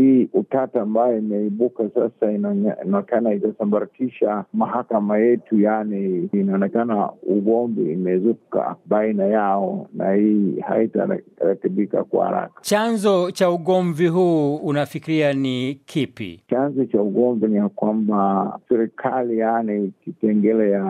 hii utata ambayo imeibuka sasa inaonekana itasambaratisha mahakama yetu, yani inaonekana ugomvi imezuka baina yao, na hii haitaratibika kwa haraka. Chanzo cha ugomvi huu unafikiria ni kipi? Chanzo cha ugomvi ni ya kwamba serikali, yani kipengele ya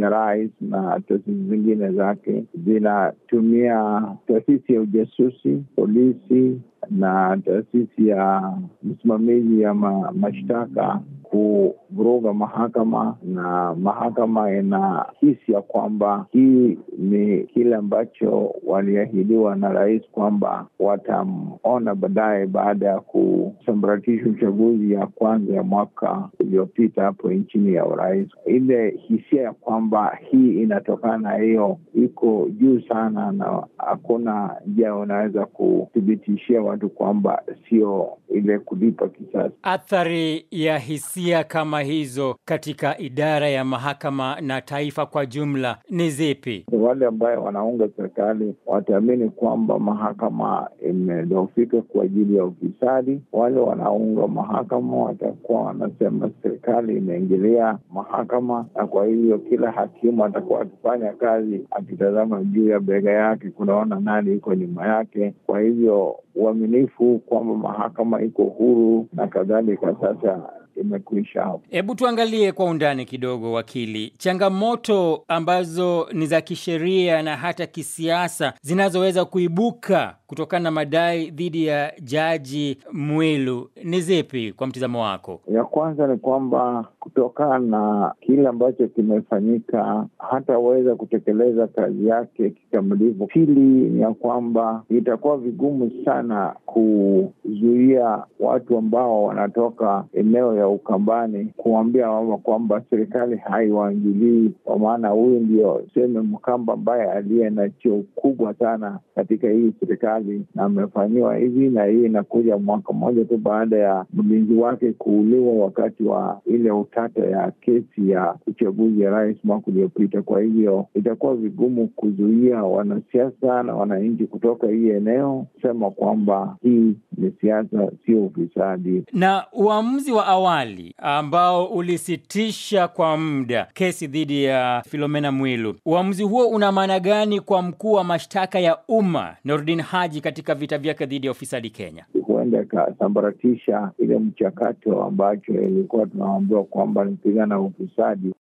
rais na taasisi zingine zake zinatumia taasisi ya ujasusi, polisi na taasisi ya msimamizi ya ma mashtaka kuvuruga mahakama, na mahakama inahisi ya kwamba hii ni kile ambacho waliahidiwa na rais kwamba watamona baadaye, baada ya kusambaratisha uchaguzi ya kwanza ya mwaka uliopita hapo nchini ya urais. Ile hisia ya kwamba hii inatokana na hiyo iko juu sana, na hakuna njia unaweza kuthibitishia watu kwamba sio ile kulipa kisasi. Athari ya hisia ghasia kama hizo katika idara ya mahakama na taifa kwa jumla ni zipi? Wale ambayo wanaunga serikali wataamini kwamba mahakama imedhoofika kwa ajili ya ufisadi. Wale wanaunga mahakama watakuwa wanasema serikali imeingilia mahakama, na kwa hivyo kila hakimu atakuwa akifanya kazi akitazama juu ya bega yake kunaona nani iko nyuma yake. Kwa hivyo uaminifu kwamba mahakama iko huru na kadhalika sasa imekwisha hapo. Hebu tuangalie kwa undani kidogo, wakili, changamoto ambazo ni za kisheria na hata kisiasa zinazoweza kuibuka kutokana na madai dhidi ya Jaji Mwilu ni zipi kwa mtizamo wako? Ya kwanza ni kwamba kutokana na kile ambacho kimefanyika hataweza kutekeleza kazi yake kikamilifu. Pili ni ya kwamba itakuwa vigumu sana kuzuia watu ambao wanatoka eneo ya Ukambani kumwambia mama kwamba serikali haiwaingilii, kwa maana huyu ndio seme Mkamba ambaye aliye na cheo kubwa sana katika hii serikali, na amefanyiwa hivi, na hii inakuja mwaka mmoja tu baada ya mlinzi wake kuuliwa wakati wa ile utata ya kesi ya uchaguzi ya rais mwaka uliopita. Kwa hivyo itakuwa vigumu kuzuia wanasiasa na wananchi kutoka hii eneo kusema kwamba hii ni siasa, sio ufisadi na uamuzi wa awa awali ambao ulisitisha kwa muda kesi dhidi ya Filomena Mwilu. Uamuzi huo una maana gani kwa mkuu wa mashtaka ya umma Nordin Haji katika vita vyake dhidi ya ufisadi Kenya? Huenda ikasambaratisha ile mchakato ambacho ilikuwa tunaambiwa kwamba nipigana ufisadi